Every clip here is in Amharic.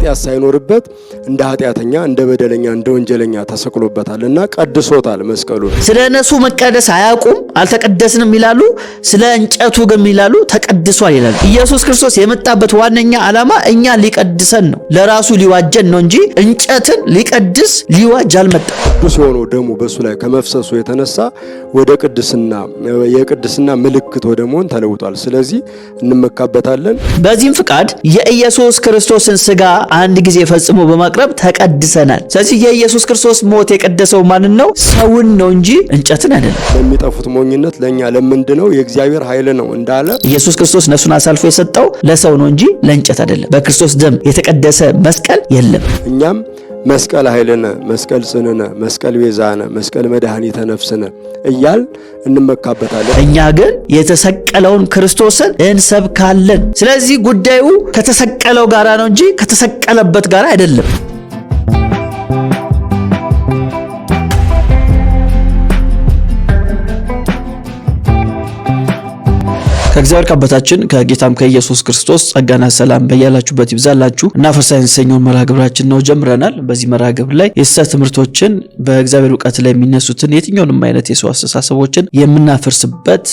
ኃጢአት ሳይኖርበት እንደ ኃጢአተኛ እንደ በደለኛ እንደ ወንጀለኛ ተሰቅሎበታል እና ቀድሶታል መስቀሉ። ስለ እነሱ መቀደስ አያውቁም፣ አልተቀደስንም ይላሉ። ስለ እንጨቱ ግን ይላሉ ተቀድሷል ይላሉ። ኢየሱስ ክርስቶስ የመጣበት ዋነኛ ዓላማ እኛ ሊቀድሰን ነው፣ ለራሱ ሊዋጀን ነው እንጂ እንጨትን ሊቀድስ ሊዋጅ አልመጣም። ቅዱስ የሆነው ደሙ በእሱ ላይ ከመፍሰሱ የተነሳ ወደ ቅድስና የቅድስና ምልክት ወደ መሆን ተለውጧል። ስለዚህ እንመካበታለን። በዚህም ፍቃድ የኢየሱስ ክርስቶስን ስጋ አንድ ጊዜ ፈጽሞ በማቅረብ ተቀድሰናል። ስለዚህ የኢየሱስ ክርስቶስ ሞት የቀደሰው ማንን ነው? ሰውን ነው እንጂ እንጨትን አይደለም። ለሚጠፉት ሞኝነት ለእኛ ለምንድነው የእግዚአብሔር ኃይል ነው እንዳለ ኢየሱስ ክርስቶስ ነፍሱን አሳልፎ የሰጠው ለሰው ነው እንጂ ለእንጨት አይደለም። በክርስቶስ ደም የተቀደሰ መስቀል የለም። እኛም መስቀል ኃይልነ፣ መስቀል ጽንነ፣ መስቀል ቤዛነ፣ መስቀል መድኃኒተ ነፍስነ እያል እንመካበታለን። እኛ ግን የተሰቀለውን ክርስቶስን እንሰብካለን። ስለዚህ ጉዳዩ ከተሰቀለው ጋራ ነው እንጂ ከተሰቀለበት ጋር አይደለም። ከእግዚአብሔር ከአባታችን ከጌታም ከኢየሱስ ክርስቶስ ጸጋና ሰላም በያላችሁበት ይብዛላችሁ እና ፈርሳይ ንሰኞን መርሃ ግብራችን ነው ጀምረናል። በዚህ መርሃ ግብር ላይ የስህተት ትምህርቶችን በእግዚአብሔር እውቀት ላይ የሚነሱትን የትኛውንም አይነት የሰው አስተሳሰቦችን የምናፈርስበት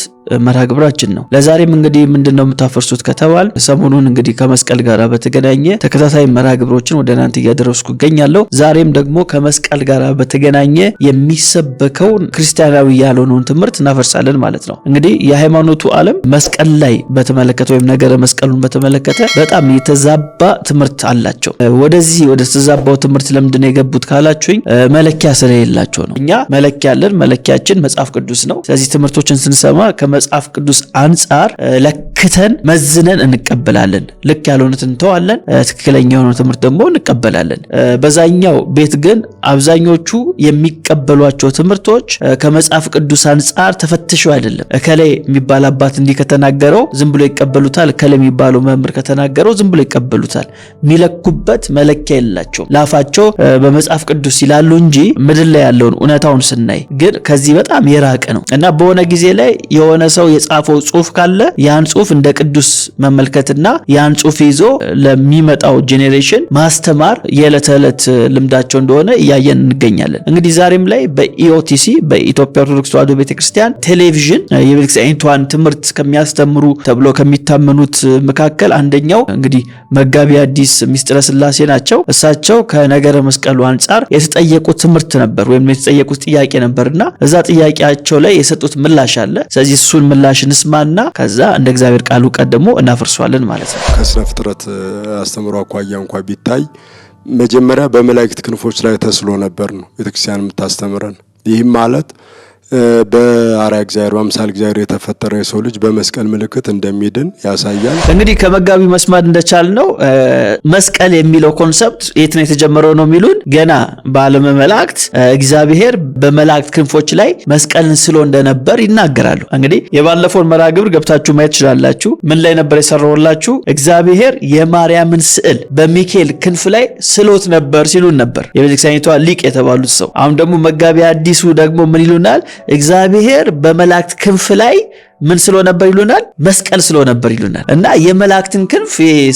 መርሃ ግብራችን ነው። ለዛሬም እንግዲህ ምንድነው የምታፈርሱት ከተባል ሰሞኑን እንግዲህ ከመስቀል ጋር በተገናኘ ተከታታይ መርሃ ግብሮችን ወደ እናንተ እያደረስኩ እገኛለሁ። ዛሬም ደግሞ ከመስቀል ጋር በተገናኘ የሚሰበከውን ክርስቲያናዊ ያልሆነውን ትምህርት እናፈርሳለን ማለት ነው። እንግዲህ የሃይማኖቱ ዓለም መስቀል ላይ በተመለከተ ወይም ነገረ መስቀሉን በተመለከተ በጣም የተዛባ ትምህርት አላቸው። ወደዚህ ወደ ተዛባው ትምህርት ለምንድነው የገቡት ካላችሁኝ መለኪያ ስለሌላቸው ነው። እኛ መለኪያ አለን። መለኪያችን መጽሐፍ ቅዱስ ነው። ስለዚህ ትምህርቶችን ስንሰማ ከመጽሐፍ ቅዱስ አንጻር ለክተን መዝነን እንቀበላለን። ልክ ያልሆኑትን እንተዋለን፣ ትክክለኛ የሆነ ትምህርት ደግሞ እንቀበላለን። በዛኛው ቤት ግን አብዛኞቹ የሚቀበሏቸው ትምህርቶች ከመጽሐፍ ቅዱስ አንጻር ተፈትሸው አይደለም። እከሌ የሚባል አባት እንዲህ ከተናገረው ዝም ብሎ ይቀበሉታል፣ እከሌ የሚባለው መምህር ከተናገረው ዝም ብሎ ይቀበሉታል። የሚለኩበት መለኪያ የላቸውም። ላፋቸው በመጽሐፍ ቅዱስ ይላሉ እንጂ ምድር ላይ ያለውን እውነታውን ስናይ ግን ከዚህ በጣም የራቀ ነው እና በሆነ ጊዜ ላይ የሆነ ሰው የጻፈው ጽሁፍ ካለ ያን ጽሁፍ እንደ ቅዱስ መመልከትና ያን ጽሁፍ ይዞ ለሚመጣው ጄኔሬሽን ማስተማር የዕለት ተዕለት ልምዳቸው እንደሆነ እያየን እንገኛለን። እንግዲህ ዛሬም ላይ በኢኦቲሲ በኢትዮጵያ ኦርቶዶክስ ተዋሕዶ ቤተክርስቲያን ቴሌቪዥን የቤተክርስቲያኒቷን ትምህርት ከሚያስተምሩ ተብሎ ከሚታመኑት መካከል አንደኛው እንግዲህ መጋቢ አዲስ ሚስጥረ ስላሴ ናቸው። እሳቸው ከነገረ መስቀሉ አንጻር የተጠየቁት ትምህርት ነበር ወይም የተጠየቁት ጥያቄ ነበርና እዛ ጥያቄያቸው ላይ የሰጡት ምላሽ አለ። ስለዚህ እሱ የእሱን ምላሽ እንስማና ከዛ እንደ እግዚአብሔር ቃሉ ቀድሞ እናፈርሷለን ማለት ነው። ከስነ ፍጥረት አስተምሮ አኳያ እንኳ ቢታይ መጀመሪያ በመላእክት ክንፎች ላይ ተስሎ ነበር ነው ቤተክርስቲያን የምታስተምረን። ይህም ማለት በአርአያ እግዚአብሔር በአምሳለ እግዚአብሔር የተፈጠረ የሰው ልጅ በመስቀል ምልክት እንደሚድን ያሳያል። እንግዲህ ከመጋቢ መስማት እንደቻል ነው መስቀል የሚለው ኮንሰፕት የት ነው የተጀመረው ነው የሚሉን ገና በዓለመ መላእክት እግዚአብሔር በመላእክት ክንፎች ላይ መስቀልን ስሎ እንደነበር ይናገራሉ። እንግዲህ የባለፈውን መርሃ ግብር ገብታችሁ ማየት ትችላላችሁ። ምን ላይ ነበር የሰራውላችሁ? እግዚአብሔር የማርያምን ስዕል በሚካኤል ክንፍ ላይ ስሎት ነበር ሲሉን ነበር የቤተክርስቲያኒቷ ሊቅ የተባሉት ሰው። አሁን ደግሞ መጋቢ አዲሱ ደግሞ ምን ይሉናል? እግዚአብሔር በመላእክት ክንፍ ላይ ምን ስለሆነበር ይሉናል? መስቀል ስለሆነበር ይሉናል። እና የመላእክትን ክንፍ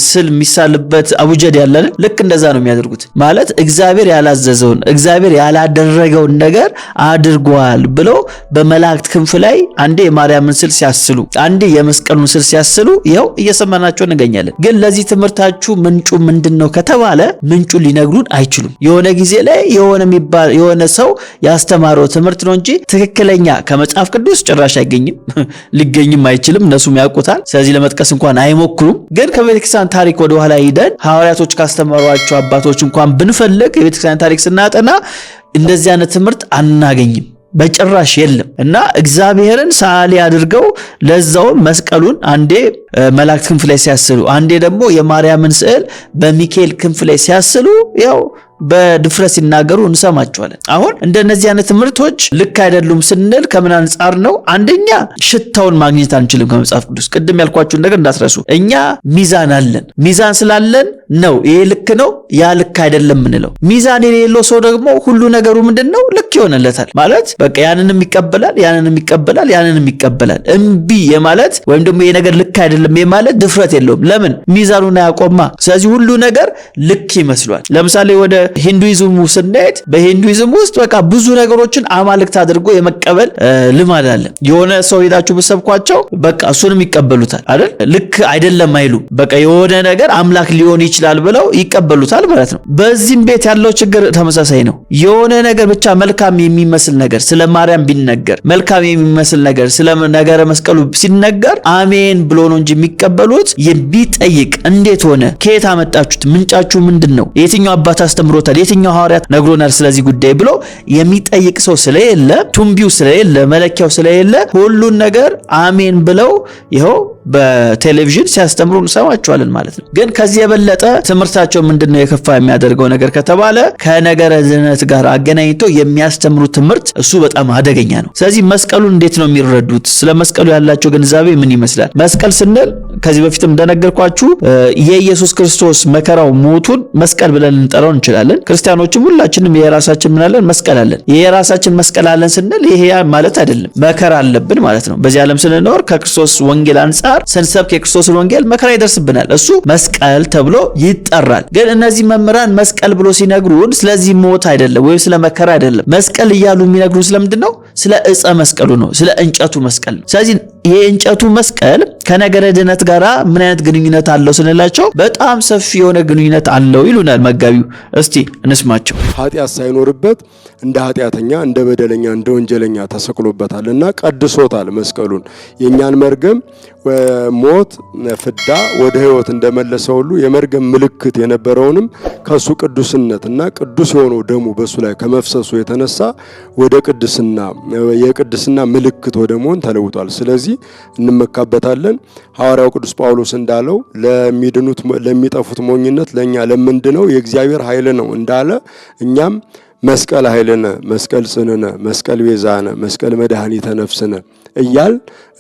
ስል የሚሳልበት አቡጀድ ያለን ልክ እንደዛ ነው የሚያደርጉት። ማለት እግዚአብሔር ያላዘዘውን እግዚአብሔር ያላደረገውን ነገር አድርጓል ብለው በመላእክት ክንፍ ላይ አንዴ የማርያምን ስል ሲያስሉ፣ አንዴ የመስቀሉን ስል ሲያስሉ ይኸው እየሰማናቸው እንገኛለን። ግን ለዚህ ትምህርታችሁ ምንጩ ምንድን ነው ከተባለ ምንጩ ሊነግሩን አይችሉም። የሆነ ጊዜ ላይ የሆነ የሚባል የሆነ ሰው ያስተማረው ትምህርት ነው እንጂ ትክክለኛ ከመጽሐፍ ቅዱስ ጭራሽ አይገኝም። ሊገኝም አይችልም። እነሱም ያውቁታል። ስለዚህ ለመጥቀስ እንኳን አይሞክሩም። ግን ከቤተክርስቲያን ታሪክ ወደኋላ ሂደን ሐዋርያቶች ካስተማሯቸው አባቶች እንኳን ብንፈልግ የቤተክርስቲያን ታሪክ ስናጠና እንደዚህ አይነት ትምህርት አናገኝም። በጭራሽ የለም እና እግዚአብሔርን ሰዓሊ አድርገው ለዛውም መስቀሉን አንዴ መላእክት ክንፍ ላይ ሲያስሉ፣ አንዴ ደግሞ የማርያምን ስዕል በሚካኤል ክንፍ ላይ ሲያስሉ ያው በድፍረት ሲናገሩ እንሰማቸዋለን። አሁን እንደነዚህ አይነት ትምህርቶች ልክ አይደሉም ስንል ከምን አንጻር ነው? አንደኛ ሽታውን ማግኘት አንችልም ከመጽሐፍ ቅዱስ። ቅድም ያልኳችሁን ነገር እንዳትረሱ። እኛ ሚዛን አለን። ሚዛን ስላለን ነው ይሄ ልክ ነው፣ ያ ልክ አይደለም ምንለው። ሚዛን የሌለው ሰው ደግሞ ሁሉ ነገሩ ምንድን ነው ልክ ይሆንለታል ማለት በቃ ያንንም ይቀበላል፣ ያንንም ይቀበላል፣ ያንንም ይቀበላል። እምቢ የማለት ወይም ደግሞ ይሄ ነገር ልክ አይደለም የማለት ድፍረት የለውም። ለምን? ሚዛኑን አያቆማ። ስለዚህ ሁሉ ነገር ልክ ይመስሏል። ለምሳሌ ወደ ሂንዱይዝም ስንሄድ በሂንዱይዝም ውስጥ በቃ ብዙ ነገሮችን አማልክት አድርጎ የመቀበል ልማድ አለ። የሆነ ሰው ሄዳችሁ ብሰብኳቸው በቃ እሱንም ይቀበሉታል አይደል? ልክ አይደለም አይሉ በቃ የሆነ ነገር አምላክ ሊሆን ይችላል ብለው ይቀበሉታል ማለት ነው። በዚህም ቤት ያለው ችግር ተመሳሳይ ነው። የሆነ ነገር ብቻ መልካም የሚመስል ነገር ስለ ማርያም ቢነገር መልካም የሚመስል ነገር ስለ ነገረ መስቀሉ ሲነገር አሜን ብሎ ነው እንጂ የሚቀበሉት የሚጠይቅ እንዴት ሆነ፣ ከየት አመጣችሁት፣ ምንጫችሁ ምንድን ነው፣ የትኛው አባት አስተምሮ ነግሮታል። የትኛው ሐዋርያት ነግሮናል ስለዚህ ጉዳይ ብሎ የሚጠይቅ ሰው ስለሌለ ቱንቢው ስለሌለ መለኪያው ስለሌለ ሁሉን ነገር አሜን ብለው ይኸው በቴሌቪዥን ሲያስተምሩ እንሰማቸዋለን ማለት ነው። ግን ከዚህ የበለጠ ትምህርታቸው ምንድን ነው የከፋ የሚያደርገው ነገር ከተባለ ከነገረ ድህነት ጋር አገናኝቶ የሚያስተምሩ ትምህርት እሱ በጣም አደገኛ ነው። ስለዚህ መስቀሉን እንዴት ነው የሚረዱት? ስለ መስቀሉ ያላቸው ግንዛቤ ምን ይመስላል? መስቀል ስንል ከዚህ በፊትም እንደነገርኳችሁ የኢየሱስ ክርስቶስ መከራው ሞቱን መስቀል ብለን ልንጠራው እንችላለን። ክርስቲያኖችም ሁላችንም የራሳችን ምናለን መስቀል አለን። የራሳችን መስቀል አለን ስንል ይሄ ማለት አይደለም፣ መከራ አለብን ማለት ነው። በዚህ ዓለም ስንኖር ከክርስቶስ ወንጌል አንጻር ጋር ስንሰብክ የክርስቶስን ወንጌል መከራ ይደርስብናል። እሱ መስቀል ተብሎ ይጠራል። ግን እነዚህ መምህራን መስቀል ብሎ ሲነግሩን ስለዚህ ሞት አይደለም ወይም ስለ መከራ አይደለም። መስቀል እያሉ የሚነግሩን ስለምንድን ነው? ስለ ዕፀ መስቀሉ ነው፣ ስለ እንጨቱ መስቀል ነው። ስለዚህ የእንጨቱ መስቀል ከነገረ ድነት ጋር ምን አይነት ግንኙነት አለው ስንላቸው በጣም ሰፊ የሆነ ግንኙነት አለው ይሉናል መጋቢው። እስቲ እንስማቸው። ኃጢአት ሳይኖርበት እንደ ኃጢአተኛ፣ እንደ በደለኛ፣ እንደ ወንጀለኛ ተሰቅሎበታል እና ቀድሶታል መስቀሉን። የእኛን መርገም ሞት፣ ፍዳ ወደ ህይወት እንደመለሰ ሁሉ የመርገም ምልክት የነበረውንም ከሱ ቅዱስነት እና ቅዱስ የሆነው ደሙ በእሱ ላይ ከመፍሰሱ የተነሳ ወደ ቅድስና የቅድስና ምልክት ወደ መሆን ተለውጧል። ስለዚህ እንመካበታለን። ሐዋርያው ቅዱስ ጳውሎስ እንዳለው ለሚድኑት ለሚጠፉት ሞኝነት ለእኛ ለምንድነው የእግዚአብሔር ኃይል ነው እንዳለ እኛም መስቀል ኃይልነ መስቀል ጽንነ መስቀል ቤዛነ መስቀል መድኃኒተ ነፍስነ እያል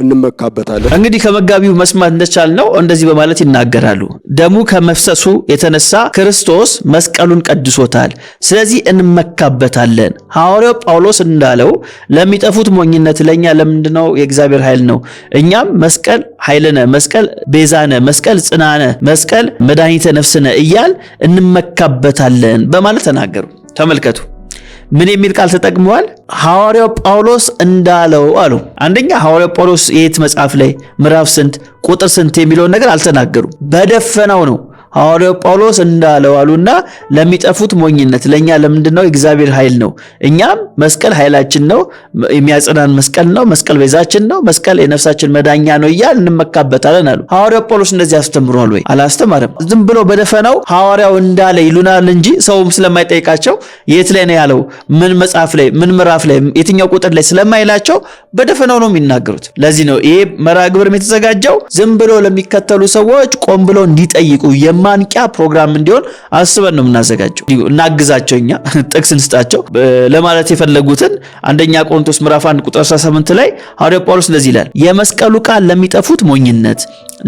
እንመካበታለን። እንግዲህ ከመጋቢው መስማት እንደቻልነው እንደዚህ በማለት ይናገራሉ። ደሙ ከመፍሰሱ የተነሳ ክርስቶስ መስቀሉን ቀድሶታል። ስለዚህ እንመካበታለን። ሐዋርያው ጳውሎስ እንዳለው ለሚጠፉት ሞኝነት፣ ለእኛ ለምንድነው የእግዚአብሔር ኃይል ነው። እኛም መስቀል ኃይልነ፣ መስቀል ቤዛነ፣ መስቀል ጽናነ፣ መስቀል መድኃኒተ ነፍስነ እያል እንመካበታለን በማለት ተናገሩ። ተመልከቱ። ምን የሚል ቃል ተጠቅመዋል? ሐዋርያው ጳውሎስ እንዳለው አሉ። አንደኛ ሐዋርያው ጳውሎስ የት መጽሐፍ ላይ ምዕራፍ ስንት ቁጥር ስንት የሚለውን ነገር አልተናገሩም። በደፈናው ነው ሐዋርያው ጳውሎስ እንዳለው አሉና ለሚጠፉት ሞኝነት ለእኛ ለምንድን ነው? የእግዚአብሔር ኃይል ነው። እኛም መስቀል ኃይላችን ነው፣ የሚያጽናን መስቀል ነው፣ መስቀል ቤዛችን ነው፣ መስቀል የነፍሳችን መዳኛ ነው እያል እንመካበታለን አሉ። ሐዋርያው ጳውሎስ እንደዚህ አስተምሯል ወይ? አላስተማረም። ዝም ብሎ በደፈናው ሐዋርያው እንዳለ ይሉናል እንጂ ሰውም ስለማይጠይቃቸው የት ላይ ነው ያለው፣ ምን መጽሐፍ ላይ፣ ምን ምዕራፍ ላይ፣ የትኛው ቁጥር ላይ ስለማይላቸው በደፈናው ነው የሚናገሩት። ለዚህ ነው ይሄ መርሃ ግብርም የተዘጋጀው ዝም ብሎ ለሚከተሉ ሰዎች ቆም ብሎ እንዲጠይቁ የማንቂያ ፕሮግራም እንዲሆን አስበን ነው የምናዘጋጀው። እናግዛቸው፣ እኛ ጥቅስ እንስጣቸው ለማለት የፈለጉትን አንደኛ ቆሮንቶስ ምዕራፍ 1 ቁጥር 18 ላይ ሐዋርያው ጳውሎስ እንደዚህ ይላል፣ የመስቀሉ ቃል ለሚጠፉት ሞኝነት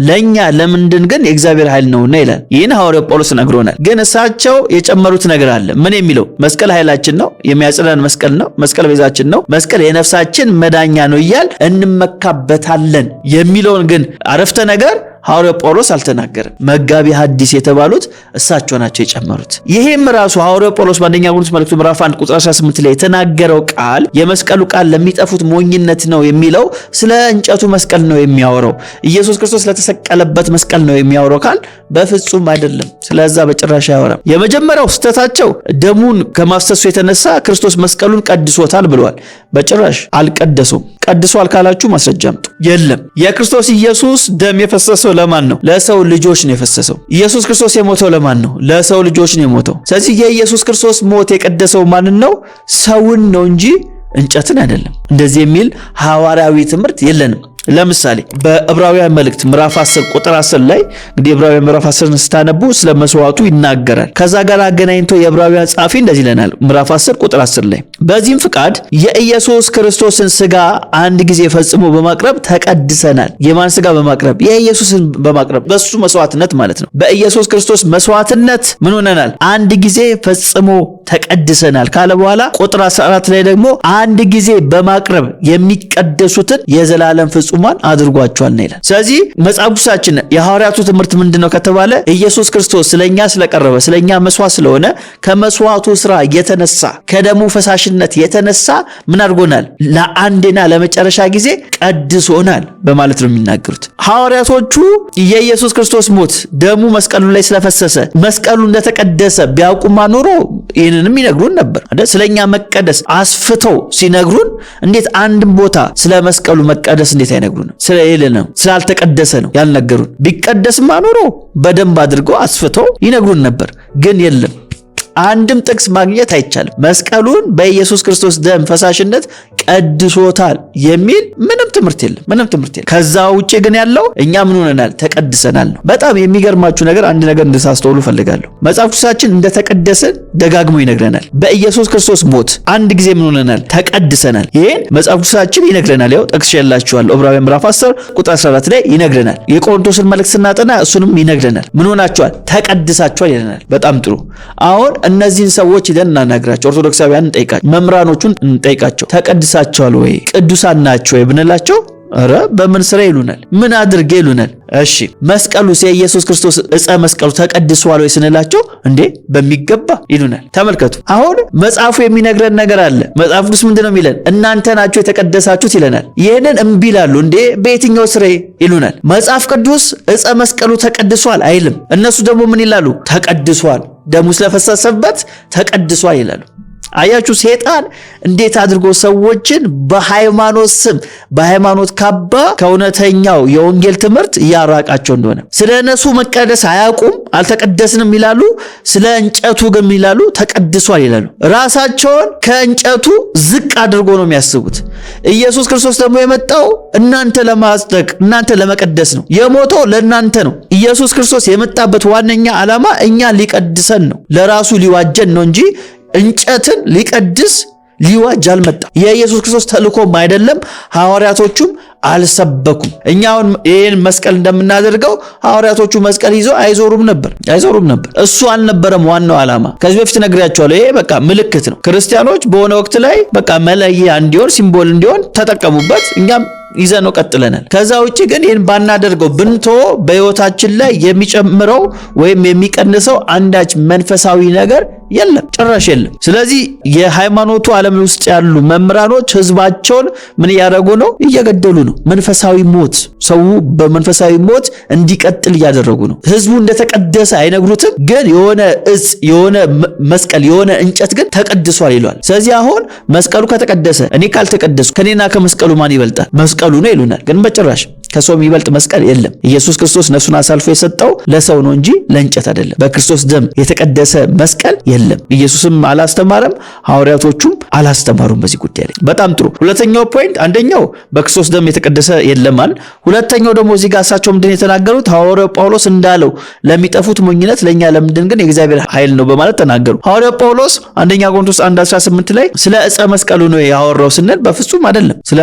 ለእኛ ለምንድን ግን የእግዚአብሔር ኃይል ነውና ይላል። ይህን ሐዋርያው ጳውሎስ ነግሮናል። ግን እሳቸው የጨመሩት ነገር አለ። ምን የሚለው መስቀል ኃይላችን ነው፣ የሚያጽናን መስቀል ነው፣ መስቀል ቤዛችን ነው፣ መስቀል የነፍሳችን መዳኛ ነው እያል እንመካበታለን የሚለውን ግን አረፍተ ነገር ሐዋርያው ጳውሎስ አልተናገረም። መጋቢ ሐዲስ የተባሉት እሳቸው ናቸው የጨመሩት። ይህም ራሱ ሐዋርያው ጳውሎስ በአንደኛ ቆሮንቶስ መልእክቱ ምዕራፍ 1 ቁጥር 18 ላይ የተናገረው ቃል የመስቀሉ ቃል ለሚጠፉት ሞኝነት ነው የሚለው ስለ እንጨቱ መስቀል ነው የሚያወራው። ኢየሱስ ክርስቶስ ስለተሰቀለበት መስቀል ነው የሚያወረው ካል በፍጹም አይደለም። ስለዛ በጭራሽ አያወራም። የመጀመሪያው ስህተታቸው ደሙን ከማፍሰሱ የተነሳ ክርስቶስ መስቀሉን ቀድሶታል ብለዋል። በጭራሽ አልቀደሱም። ቀድሷል ካላችሁ ማስረጃ አምጡ። የለም። የክርስቶስ ኢየሱስ ደም የፈሰሰው ለማን ነው? ለሰው ልጆች ነው የፈሰሰው። ኢየሱስ ክርስቶስ የሞተው ለማን ነው? ለሰው ልጆች ነው የሞተው። ስለዚህ የኢየሱስ ክርስቶስ ሞት የቀደሰው ማንን ነው? ሰውን ነው እንጂ እንጨትን አይደለም። እንደዚህ የሚል ሐዋርያዊ ትምህርት የለንም። ለምሳሌ በዕብራውያን መልእክት ምዕራፍ 10 ቁጥር 10 ላይ እንግዲህ ዕብራውያን ምዕራፍ 10 ስታነቡ ስለ መስዋዕቱ ይናገራል። ከዛ ጋር አገናኝቶ የዕብራውያን ጻፊ እንደዚህ ይለናል፣ ምዕራፍ 10 ቁጥር 10 ላይ በዚህም ፍቃድ የኢየሱስ ክርስቶስን ስጋ አንድ ጊዜ ፈጽሞ በማቅረብ ተቀድሰናል። የማን ስጋ በማቅረብ የኢየሱስን በማቅረብ በሱ መስዋዕትነት ማለት ነው። በኢየሱስ ክርስቶስ መስዋዕትነት ምን ሆነናል? አንድ ጊዜ ፈጽሞ ተቀድሰናል ካለ በኋላ ቁጥር 14 ላይ ደግሞ አንድ ጊዜ በማቅረብ የሚቀደሱትን የዘላለም ፍጹም ፍጹማን አድርጓቸዋል ነው ይላል። ስለዚህ መጽሐፍ ቅዱሳችን የሐዋርያቱ ትምህርት ምንድን ነው ከተባለ ኢየሱስ ክርስቶስ ስለኛ ስለቀረበ ስለኛ መስዋዕት ስለሆነ ከመስዋዕቱ ስራ የተነሳ ከደሙ ፈሳሽነት የተነሳ ምን አድርጎናል? ለአንድና ለመጨረሻ ጊዜ ቀድሶናል በማለት ነው የሚናገሩት ሐዋርያቶቹ። የኢየሱስ ክርስቶስ ሞት ደሙ መስቀሉ ላይ ስለፈሰሰ መስቀሉ እንደተቀደሰ ቢያውቁማ ኖሮ ይህንንም ይነግሩን ነበር። ስለኛ መቀደስ አስፍተው ሲነግሩን እንዴት አንድም ቦታ ስለ መስቀሉ መቀደስ እንዴት አይነግሩንም። ስለሌለ ነው፣ ስላልተቀደሰ ነው ያልነገሩን። ቢቀደስማ ኖሮ በደንብ አድርጎ አስፍተው ይነግሩን ነበር፣ ግን የለም። አንድም ጥቅስ ማግኘት አይቻልም። መስቀሉን በኢየሱስ ክርስቶስ ደም ፈሳሽነት ቀድሶታል የሚል ምንም ትምህርት የለም። ምንም ትምህርት የለም። ከዛ ውጭ ግን ያለው እኛ ምን ሆነናል? ተቀድሰናል ነው። በጣም የሚገርማችሁ ነገር አንድ ነገር እንድታስተውሉ ፈልጋለሁ። መጽሐፍ ቅዱሳችን እንደተቀደሰን ደጋግሞ ይነግረናል። በኢየሱስ ክርስቶስ ሞት አንድ ጊዜ ምን ሆነናል? ተቀድሰናል። ይህን መጽሐፍ ቅዱሳችን ይነግረናል። ያው ጠቅሼላችኋለሁ። ዕብራውያን ምዕራፍ 10 ቁጥር 14 ላይ ይነግረናል። የቆሮንቶስን መልእክት ስናጠና እሱንም ይነግረናል። ምን ሆናችኋል? ተቀድሳችኋል ይለናል። በጣም ጥሩ አሁን እነዚህን ሰዎች ሂደን እናናግራቸው፣ ኦርቶዶክሳውያን እንጠይቃቸው፣ መምህራኖቹን እንጠይቃቸው። ተቀድሳቸዋል ወይ ቅዱሳን ናቸው ብንላቸው አረ በምን ስራ ይሉናል? ምን አድርጌ ይሉናል? እሺ መስቀሉ የኢየሱስ ክርስቶስ ዕፀ መስቀሉ ተቀድሷል ወይ ስንላቸው እንዴ በሚገባ ይሉናል። ተመልከቱ፣ አሁን መጽሐፉ የሚነግረን ነገር አለ። መጽሐፍ ቅዱስ ምንድን ነው የሚለን? እናንተ ናችሁ የተቀደሳችሁት ይለናል። ይህንን እምቢ ይላሉ። እንዴ በየትኛው ስሬ ይሉናል። መጽሐፍ ቅዱስ እፀ መስቀሉ ተቀድሷል አይልም። እነሱ ደግሞ ምን ይላሉ? ተቀድሷል፣ ደሙ ስለፈሰሰበት ተቀድሷል ይላሉ። አያችሁ ሴጣን እንዴት አድርጎ ሰዎችን በሃይማኖት ስም በሃይማኖት ካባ ከእውነተኛው የወንጌል ትምህርት እያራቃቸው እንደሆነ ስለ እነሱ መቀደስ አያውቁም፣ አልተቀደስንም ይላሉ። ስለ እንጨቱ ግን ይላሉ ተቀድሷል ይላሉ። ራሳቸውን ከእንጨቱ ዝቅ አድርጎ ነው የሚያስቡት። ኢየሱስ ክርስቶስ ደግሞ የመጣው እናንተ ለማጽደቅ እናንተ ለመቀደስ ነው። የሞተው ለእናንተ ነው። ኢየሱስ ክርስቶስ የመጣበት ዋነኛ ዓላማ እኛ ሊቀድሰን ነው፣ ለራሱ ሊዋጀን ነው እንጂ እንጨትን ሊቀድስ ሊዋጅ አልመጣም። የኢየሱስ ክርስቶስ ተልእኮም አይደለም፣ ሐዋርያቶቹም አልሰበኩም። እኛ አሁን ይህን መስቀል እንደምናደርገው ሐዋርያቶቹ መስቀል ይዘው አይዞሩም ነበር አይዞሩም ነበር። እሱ አልነበረም ዋናው ዓላማ። ከዚህ በፊት ነግሬያቸዋለሁ። ይሄ በቃ ምልክት ነው። ክርስቲያኖች በሆነ ወቅት ላይ በቃ መለያ እንዲሆን ሲምቦል እንዲሆን ተጠቀሙበት። እኛም ይዘ ነው ቀጥለናል። ከዛ ውጭ ግን ይህን ባናደርገው ብንቶ በህይወታችን ላይ የሚጨምረው ወይም የሚቀንሰው አንዳች መንፈሳዊ ነገር የለም፣ ጭራሽ የለም። ስለዚህ የሃይማኖቱ ዓለም ውስጥ ያሉ መምህራኖች ህዝባቸውን ምን እያደረጉ ነው? እየገደሉ ነው። መንፈሳዊ ሞት፣ ሰው በመንፈሳዊ ሞት እንዲቀጥል እያደረጉ ነው። ህዝቡ እንደተቀደሰ አይነግሩትም፣ ግን የሆነ እጽ፣ የሆነ መስቀል፣ የሆነ እንጨት ግን ተቀድሷል ይሏል። ስለዚህ አሁን መስቀሉ ከተቀደሰ እኔ ካልተቀደሱ ከኔና ከመስቀሉ ማን ይበልጣል? መስቀሉ ነው ይሉናል። ግን በጭራሽ ከሰው የሚበልጥ መስቀል የለም። ኢየሱስ ክርስቶስ ነፍሱን አሳልፎ የሰጠው ለሰው ነው እንጂ ለእንጨት አይደለም። በክርስቶስ ደም የተቀደሰ መስቀል የለም። ኢየሱስም አላስተማረም፣ ሐዋርያቶቹም አላስተማሩም በዚህ ጉዳይ ላይ። በጣም ጥሩ። ሁለተኛው ፖይንት፣ አንደኛው በክርስቶስ ደም የተቀደሰ የለማል። ሁለተኛው ደግሞ እዚህ ጋር እሳቸው ምንድን የተናገሩት ሐዋርያው ጳውሎስ እንዳለው ለሚጠፉት ሞኝነት፣ ለእኛ ለምንድን ግን የእግዚአብሔር ኃይል ነው በማለት ተናገሩ። ሐዋርያው ጳውሎስ አንደኛ ቆሮንቶስ 1:18 18 ላይ ስለ ዕፀ መስቀሉ ነው ያወራው ስንል በፍጹም አይደለም። ስለ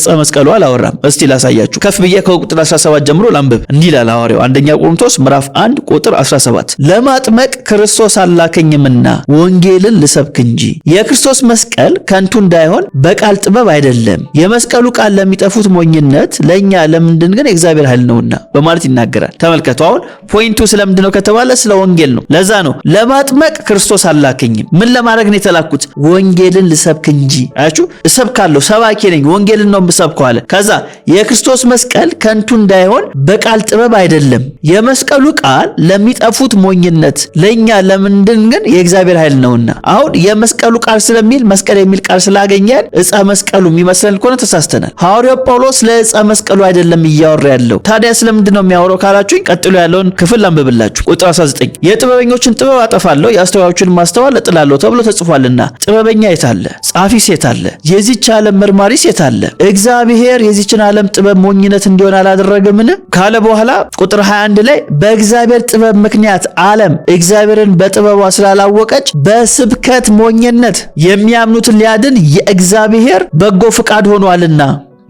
ዕፀ መስቀሉ አላ አላወራም። እስቲ ላሳያችሁ። ከፍ ብዬ ከቁጥር 17 ጀምሮ ላንብብ። እንዲህ ይላል ሐዋርያው አንደኛ ቆሮንቶስ ምዕራፍ 1 ቁጥር 17 ለማጥመቅ ክርስቶስ አላከኝምና ወንጌልን ልሰብክ እንጂ። የክርስቶስ መስቀል ከንቱ እንዳይሆን በቃል ጥበብ አይደለም፣ የመስቀሉ ቃል ለሚጠፉት ሞኝነት፣ ለእኛ ለምንድን ግን የእግዚአብሔር ኃይል ነውና በማለት ይናገራል። ተመልከቱ። አሁን ፖይንቱ ስለምንድን ነው ከተባለ ስለ ወንጌል ነው። ለዛ ነው ለማጥመቅ ክርስቶስ አላከኝም። ምን ለማድረግ ነው የተላኩት? ወንጌልን ልሰብክ እንጂ። አያችሁ፣ እሰብካለሁ፣ ሰባኪ ነኝ፣ ወንጌልን ነው የምሰብከው አለ። ከዛ የክርስቶስ መስቀል ከንቱ እንዳይሆን በቃል ጥበብ አይደለም። የመስቀሉ ቃል ለሚጠፉት ሞኝነት፣ ለእኛ ለምንድን ግን የእግዚአብሔር ኃይል ነውና። አሁን የመስቀሉ ቃል ስለሚል መስቀል የሚል ቃል ስላገኘን እፀ መስቀሉ የሚመስለን ከሆነ ተሳስተናል። ሐዋርያው ጳውሎስ ለእፀ መስቀሉ አይደለም እያወራ ያለው። ታዲያ ስለምንድን ነው የሚያወራው ካላችሁኝ ቀጥሎ ያለውን ክፍል ላንብብላችሁ። ቁጥር 19 የጥበበኞችን ጥበብ አጠፋለሁ፣ የአስተዋዮችን ማስተዋል እጥላለሁ ተብሎ ተጽፏልና። ጥበበኛ የት አለ? ጻፊ ሴት አለ? የዚች ዓለም መርማሪ ሴት አለ? እግዚአብሔር እግዚአብሔር የዚችን ዓለም ጥበብ ሞኝነት እንዲሆን አላደረገምን ካለ በኋላ ቁጥር 21 ላይ በእግዚአብሔር ጥበብ ምክንያት ዓለም እግዚአብሔርን በጥበቧ ስላላወቀች በስብከት ሞኝነት የሚያምኑትን ሊያድን የእግዚአብሔር በጎ ፍቃድ ሆኗልና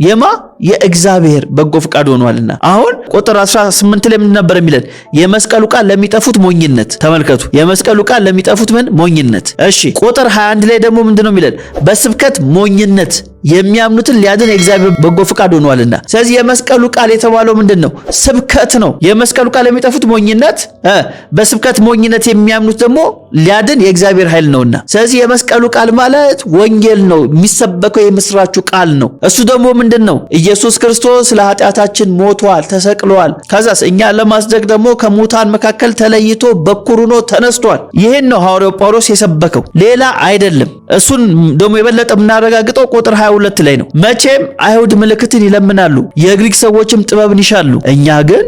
የማ የእግዚአብሔር በጎ ፍቃድ ሆኗልና። አሁን ቁጥር 18 ላይ ምን ነበር የሚለን? የመስቀሉ ቃል ለሚጠፉት ሞኝነት። ተመልከቱ፣ የመስቀሉ ቃል ለሚጠፉት ምን ሞኝነት። እሺ፣ ቁጥር 21 ላይ ደግሞ ምንድነው የሚለን? በስብከት ሞኝነት የሚያምኑትን ሊያድን የእግዚአብሔር በጎ ፍቃድ ሆኗልና። ስለዚህ የመስቀሉ ቃል የተባለው ምንድን ነው? ስብከት ነው። የመስቀሉ ቃል የሚጠፉት ሞኝነት፣ በስብከት ሞኝነት የሚያምኑት ደግሞ ሊያድን የእግዚአብሔር ኃይል ነውና። ስለዚህ የመስቀሉ ቃል ማለት ወንጌል ነው፣ የሚሰበከው የምስራቹ ቃል ነው። እሱ ደግሞ ምንድን ነው? ኢየሱስ ክርስቶስ ለኃጢአታችን ሞቷል፣ ተሰቅሏል። ከዛስ እኛ ለማስደግ ደግሞ ከሙታን መካከል ተለይቶ በኩር ሆኖ ተነስቷል። ይህን ነው ሐዋርያው ጳውሎስ የሰበከው፣ ሌላ አይደለም። እሱን ደግሞ የበለጠ የምናረጋግጠው ቁጥር 22 ላይ ነው። መቼም አይሁድ ምልክትን ይለምናሉ፣ የግሪክ ሰዎችም ጥበብን ይሻሉ፣ እኛ ግን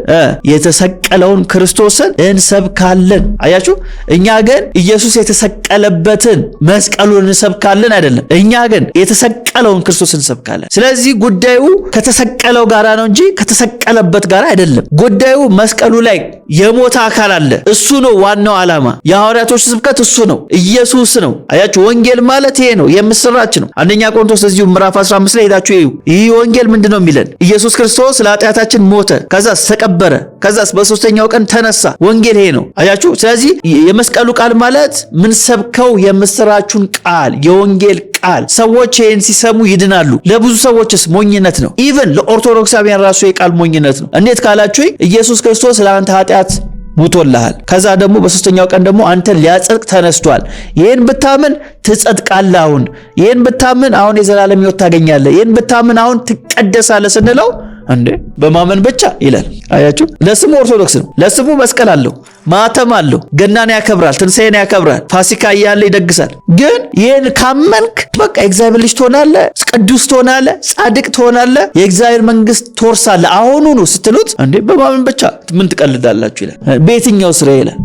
የተሰቀለውን ክርስቶስን እንሰብካለን። አያችሁ፣ እኛ ግን ኢየሱስ የተሰቀለበትን መስቀሉን እንሰብካለን አይደለም፣ እኛ ግን የተሰቀለውን ክርስቶስ እንሰብካለን። ስለዚህ ጉዳዩ ከተሰቀለው ጋራ ነው እንጂ ከተሰቀለበት ጋራ አይደለም። ጉዳዩ መስቀሉ ላይ የሞተ አካል አለ። እሱ ነው ዋናው ዓላማ። የሐዋርያቶች ስብከት እሱ ነው፣ ኢየሱስ ነው። አያችሁ፣ ወንጌል ማለት ይሄ ነው፣ የምስራች ነው። አንደኛ ቆሮንቶስ እዚሁ ምዕራፍ 15 ላይ ሄዳችሁ ይዩ። ይህ ወንጌል ምንድን ነው የሚለን? ኢየሱስ ክርስቶስ ለኃጢአታችን ሞተ፣ ከዛስ ተቀበረ፣ ከዛስ በሶስተኛው ቀን ተነሳ። ወንጌል ይሄ ነው። አያችሁ። ስለዚህ የመስቀሉ ቃል ማለት ምን ሰብከው የምስራቹን ቃል የወንጌል ቃል ሰዎች ይህን ሲሰሙ ይድናሉ። ለብዙ ሰዎችስ ሞኝነት ነው። ኢቨን ለኦርቶዶክሳውያን ራሱ የቃል ሞኝነት ነው። እንዴት ካላችሁ ኢየሱስ ክርስቶስ ለአንተ ኃጢአት ሙቶልሃል፣ ከዛ ደግሞ በሶስተኛው ቀን ደግሞ አንተን ሊያጸድቅ ተነስቷል። ይህን ብታምን ትጸድቃለህ። አሁን ይህን ብታምን አሁን የዘላለም ሕይወት ታገኛለህ። ይህን ብታምን አሁን ትቀደሳለህ ስንለው እንዴ በማመን ብቻ ይላል። አያችሁ፣ ለስሙ ኦርቶዶክስ ነው፣ ለስሙ መስቀል አለው፣ ማተም አለው፣ ገናን ያከብራል፣ ትንሣኤን ያከብራል፣ ፋሲካ እያለ ይደግሳል። ግን ይህን ካመንክ በቃ የእግዚአብሔር ልጅ ተሆናለ ቅዱስ ትሆናለህ፣ ጻድቅ ትሆናለ የእግዚአብሔር መንግስት ትወርሳለህ አሁኑኑ ስትሉት እንዴ በማመን ብቻ ምን ትቀልዳላችሁ ይላል። በየትኛው ስራ ይላል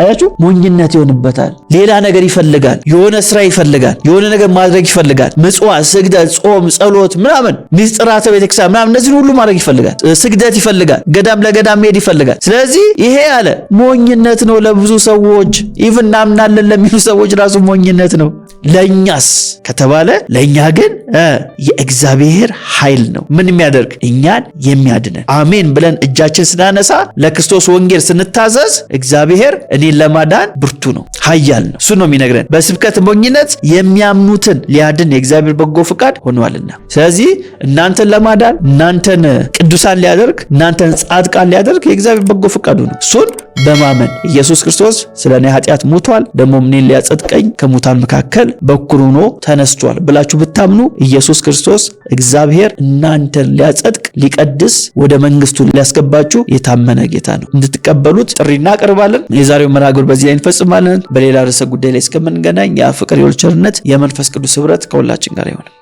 አያችሁ፣ ሞኝነት ይሆንበታል። ሌላ ነገር ይፈልጋል፣ የሆነ ስራ ይፈልጋል፣ የሆነ ነገር ማድረግ ይፈልጋል። ምጽዋ፣ ስግደት፣ ጾም፣ ጸሎት ምናምን ሚስጥራተ ቤተክርስቲያን ምናምን እነዚህን ሁሉ ማድረግ ይፈልጋል። ስግደት ይፈልጋል፣ ገዳም ለገዳም መሄድ ይፈልጋል። ስለዚህ ይሄ አለ ሞኝነት ነው ለብዙ ሰዎች ኢቭን እናምናለን ለሚሉ ሰዎች ራሱ ሞኝነት ነው። ለእኛስ ከተባለ ለእኛ ግን የእግዚአብሔር ኃይል ነው ምን የሚያደርግ እኛን የሚያድነን። አሜን ብለን እጃችን ስናነሳ ለክርስቶስ ወንጌል ስንታዘዝ እግዚአብሔር እኔ ከዲን ለማዳን ብርቱ ነው፣ ኃያል ነው። እሱ ነው የሚነግረን በስብከት ሞኝነት የሚያምኑትን ሊያድን የእግዚአብሔር በጎ ፍቃድ ሆኗልና። ስለዚህ እናንተን ለማዳን እናንተን ቅዱሳን ሊያደርግ እናንተን ጻድቃን ሊያደርግ የእግዚአብሔር በጎ ፍቃዱ ነው። እሱን በማመን ኢየሱስ ክርስቶስ ስለ እኔ ኃጢአት ሞቷል፣ ደግሞም እኔን ሊያጸድቀኝ ከሙታን መካከል በኩር ሆኖ ተነስቷል ብላችሁ ብታምኑ ኢየሱስ ክርስቶስ እግዚአብሔር እናንተን ሊያጸድቅ ሊቀድስ ወደ መንግስቱ ሊያስገባችሁ የታመነ ጌታ ነው። እንድትቀበሉት ጥሪ እናቀርባለን። የዛሬው መናገር በዚህ ላይ እንፈጽማለን። በሌላ ርዕሰ ጉዳይ ላይ እስከምንገናኝ የፍቅር የወልድ የመንፈስ ቅዱስ ህብረት ከሁላችን ጋር ይሆናል።